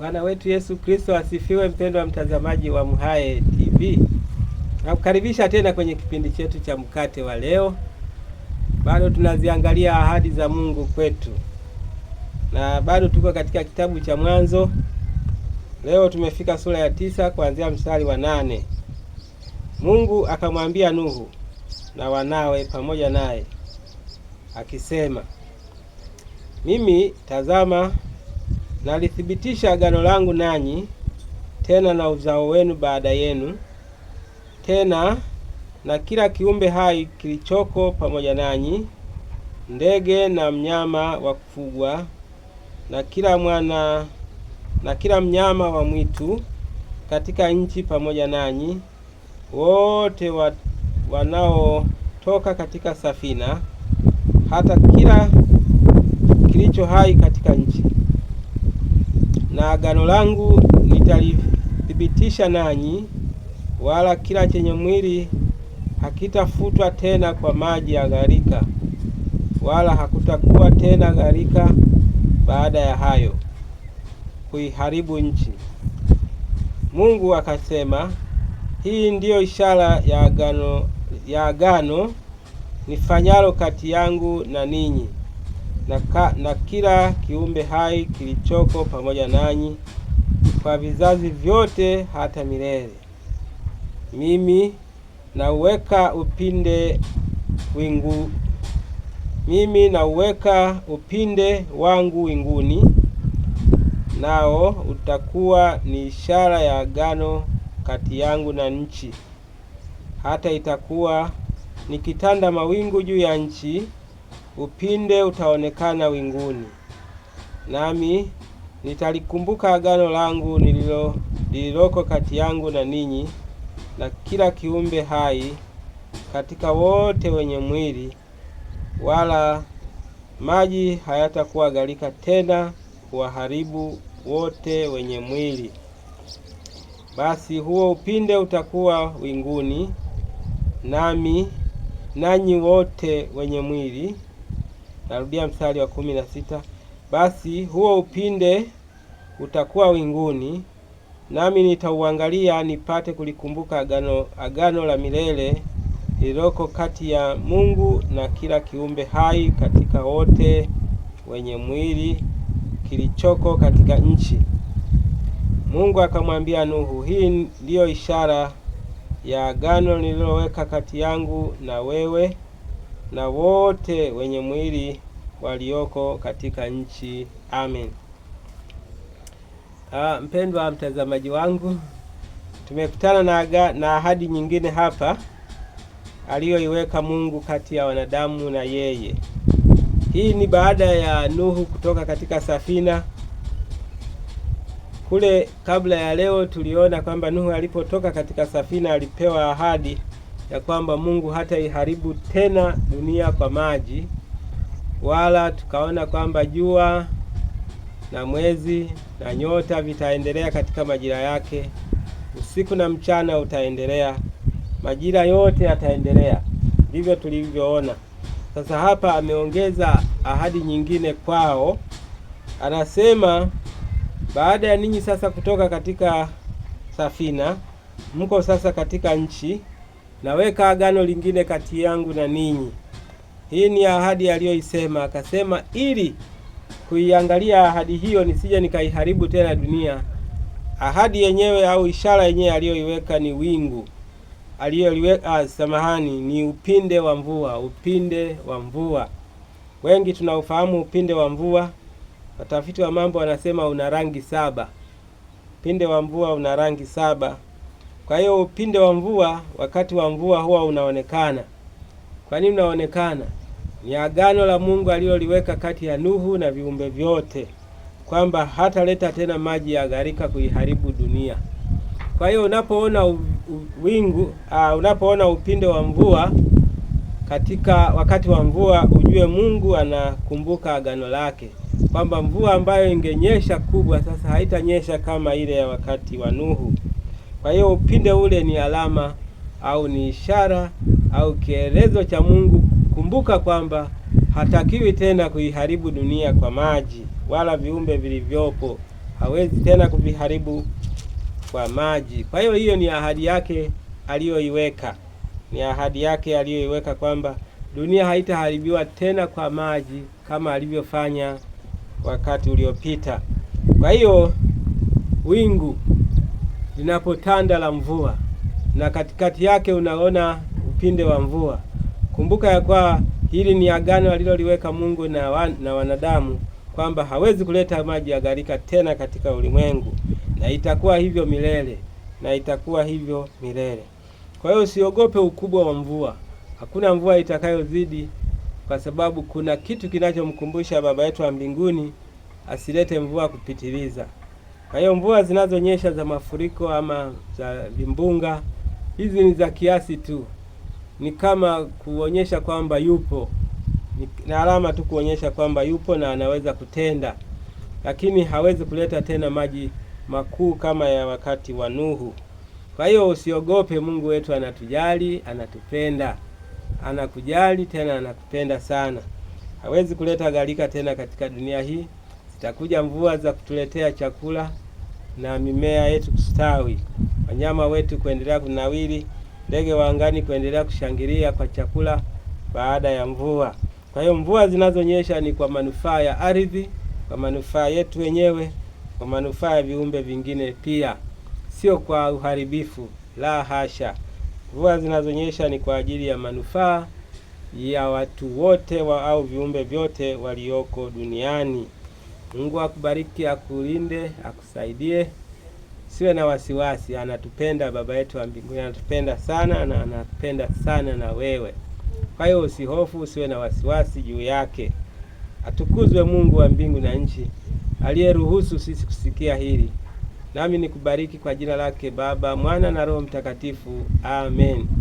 Bwana wetu Yesu Kristo asifiwe. Mpendwa mtazamaji wa MHAE TV, nakukaribisha tena kwenye kipindi chetu cha mkate wa leo. Bado tunaziangalia ahadi za Mungu kwetu na bado tuko katika kitabu cha Mwanzo. Leo tumefika sura ya tisa kuanzia mstari wa nane. Mungu akamwambia Nuhu na wanawe pamoja naye akisema, mimi tazama nalithibitisha agano langu nanyi tena na uzao wenu baada yenu, tena na kila kiumbe hai kilichoko pamoja nanyi, ndege na mnyama wa kufugwa na kila mwana na kila mnyama wa mwitu katika nchi pamoja nanyi, wote wa, wanaotoka katika safina, hata kila kilicho hai katika nchi na agano langu nitalithibitisha nanyi, wala kila chenye mwili hakitafutwa tena kwa maji ya gharika, wala hakutakuwa tena gharika baada ya hayo kuiharibu nchi. Mungu akasema, hii ndiyo ishara ya agano, ya agano nifanyalo kati yangu na ninyi na, ka, na kila kiumbe hai kilichoko pamoja nanyi kwa vizazi vyote hata milele. Mimi nauweka upinde wingu, mimi nauweka upinde wangu winguni, nao utakuwa ni ishara ya agano kati yangu na nchi, hata itakuwa nikitanda mawingu juu ya nchi upinde utaonekana winguni, nami nitalikumbuka agano langu nililo lililoko kati yangu na ninyi na kila kiumbe hai katika wote wenye mwili, wala maji hayatakuwa gharika tena kuwaharibu wote wenye mwili. Basi huo upinde utakuwa winguni, nami nanyi wote wenye mwili narudia mstari wa kumi na sita basi huo upinde utakuwa winguni, nami nitauangalia nipate kulikumbuka agano, agano la milele lililoko kati ya Mungu na kila kiumbe hai katika wote wenye mwili kilichoko katika nchi. Mungu akamwambia Nuhu, hii ndiyo ishara ya agano nililoweka kati yangu na wewe na wote wenye mwili walioko katika nchi. Amen. Ah, mpendwa mtazamaji wangu, tumekutana na, na ahadi nyingine hapa aliyoiweka Mungu kati ya wanadamu na yeye. Hii ni baada ya Nuhu kutoka katika safina kule. Kabla ya leo tuliona kwamba Nuhu alipotoka katika safina alipewa ahadi ya kwamba Mungu hata iharibu tena dunia kwa maji, wala tukaona kwamba jua na mwezi na nyota vitaendelea katika majira yake, usiku na mchana utaendelea, majira yote yataendelea. Ndivyo tulivyoona. Sasa hapa ameongeza ahadi nyingine kwao, anasema baada ya ninyi sasa kutoka katika safina, mko sasa katika nchi naweka agano lingine kati yangu na ninyi. Hii ni ahadi aliyoisema, akasema ili kuiangalia ahadi hiyo nisije nikaiharibu tena dunia. Ahadi yenyewe au ishara yenyewe aliyoiweka ni wingu aliyoliweka, ah, samahani, ni upinde wa mvua. Upinde wa mvua, wengi tunaufahamu upinde wa mvua. Watafiti wa mambo wanasema una rangi saba. Upinde wa mvua una rangi saba. Kwa hiyo upinde wa mvua, wakati wa mvua huwa unaonekana. Kwa nini unaonekana? Ni agano la Mungu aliloliweka kati ya Nuhu na viumbe vyote kwamba hataleta tena maji ya gharika kuiharibu dunia. Kwa hiyo unapoona wingu uh, unapoona upinde wa mvua katika wakati wa mvua, ujue Mungu anakumbuka agano lake kwamba mvua ambayo ingenyesha kubwa sasa haitanyesha kama ile ya wakati wa Nuhu. Kwa hiyo upinde ule ni alama au ni ishara au kielezo cha Mungu. Kumbuka kwamba hatakiwi tena kuiharibu dunia kwa maji wala viumbe vilivyopo, hawezi tena kuviharibu kwa maji. Kwa hiyo hiyo ni ahadi yake aliyoiweka, ni ahadi yake aliyoiweka kwamba dunia haitaharibiwa tena kwa maji kama alivyofanya wakati uliopita. Kwa hiyo wingu linapotanda la mvua, na katikati yake unaona upinde wa mvua. Kumbuka ya kwa hili ni agano aliloliweka Mungu na, wan, na wanadamu kwamba hawezi kuleta maji ya gharika tena katika ulimwengu, na itakuwa hivyo milele, na itakuwa hivyo milele. Kwa hiyo usiogope ukubwa wa mvua, hakuna mvua itakayozidi, kwa sababu kuna kitu kinachomkumbusha Baba yetu wa mbinguni asilete mvua kupitiliza. Kwa hiyo mvua zinazonyesha za mafuriko ama za vimbunga hizi ni za kiasi tu, ni kama kuonyesha kwamba yupo, ni alama tu kuonyesha kwamba yupo na anaweza kutenda, lakini hawezi kuleta tena maji makuu kama ya wakati wa Nuhu. Kwa hiyo usiogope, Mungu wetu anatujali, anatupenda, anakujali tena anakupenda sana. Hawezi kuleta gharika tena katika dunia hii. Takuja mvua za kutuletea chakula na mimea yetu kustawi, wanyama wetu kuendelea kunawiri, ndege wa angani kuendelea kushangilia kwa chakula baada ya mvua. Kwa hiyo mvua zinazonyesha ni kwa manufaa ya ardhi, kwa manufaa yetu wenyewe, kwa manufaa ya viumbe vingine pia, sio kwa uharibifu, la hasha. Mvua zinazonyesha ni kwa ajili ya manufaa ya watu wote wa au viumbe vyote walioko duniani. Mungu akubariki, akulinde, akusaidie. Siwe na wasiwasi, anatupenda baba yetu wa mbinguni, anatupenda sana na anapenda sana na wewe. Kwa hiyo usihofu, usiwe na wasiwasi juu yake. Atukuzwe Mungu wa mbingu na nchi, aliyeruhusu sisi kusikia hili. Nami nikubariki kwa jina lake Baba, Mwana na Roho Mtakatifu. Amen.